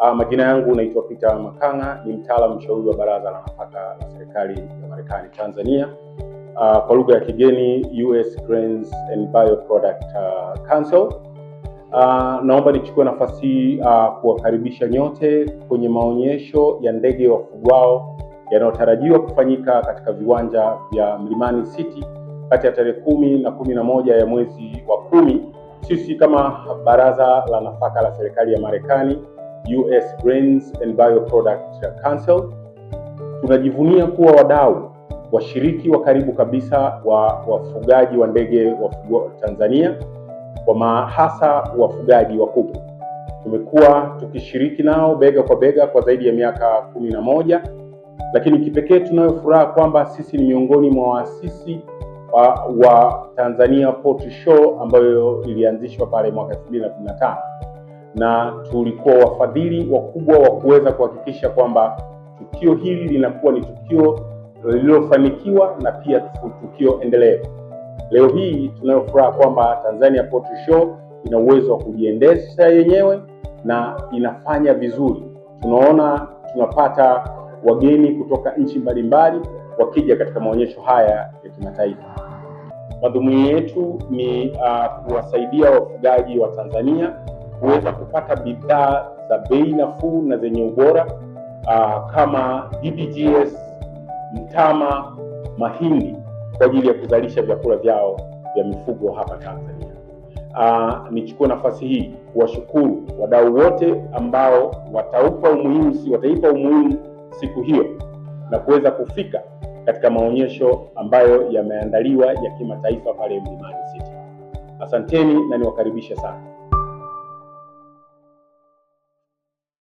Uh, majina yangu naitwa Peter Makang'a, ni mtaalamu mshauri wa Baraza la Nafaka la Serikali ya Marekani Tanzania, uh, kwa lugha ya kigeni US Grains and Bioproduct uh, Council. Uh, naomba nichukue nafasi hii uh, kuwakaribisha nyote kwenye maonyesho ya ndege wafugwao yanayotarajiwa kufanyika katika viwanja vya Mlimani City kati ya tarehe kumi na kumi na moja ya mwezi wa kumi. Sisi kama Baraza la Nafaka la Serikali ya Marekani US Grains and Bioproduct Council. Tunajivunia kuwa wadau washiriki wa karibu kabisa wa wafugaji wa ndege wa Tanzania, kwa mahasa wafugaji wa kuku. Tumekuwa tukishiriki nao bega kwa bega kwa zaidi ya miaka kumi na moja, lakini kipekee tunayo furaha kwamba sisi ni miongoni mwa waasisi wa, wa Tanzania Poultry Show ambayo ilianzishwa pale mwaka 2015 na tulikuwa wafadhili wakubwa wa kuweza kuhakikisha kwamba tukio hili linakuwa ni tukio lililofanikiwa na pia tukio endelevu. Leo hii tunayo furaha kwamba Tanzania Poetry Show ina uwezo wa kujiendesha yenyewe na inafanya vizuri. Tunaona tunapata wageni kutoka nchi mbalimbali wakija katika maonyesho haya ya kimataifa. Madhumuni yetu ni uh, kuwasaidia wafugaji wa Tanzania kuweza kupata bidhaa za bei nafuu na zenye ubora uh, kama DBGS, mtama, mahindi kwa ajili ya kuzalisha vyakula vyao vya mifugo hapa Tanzania. Uh, nichukue nafasi hii kuwashukuru wadau wote ambao wataupa umuhimu si wataipa umuhimu siku hiyo na kuweza kufika katika maonyesho ambayo yameandaliwa ya kimataifa pale Mlimani City. Asanteni na niwakaribishe sana.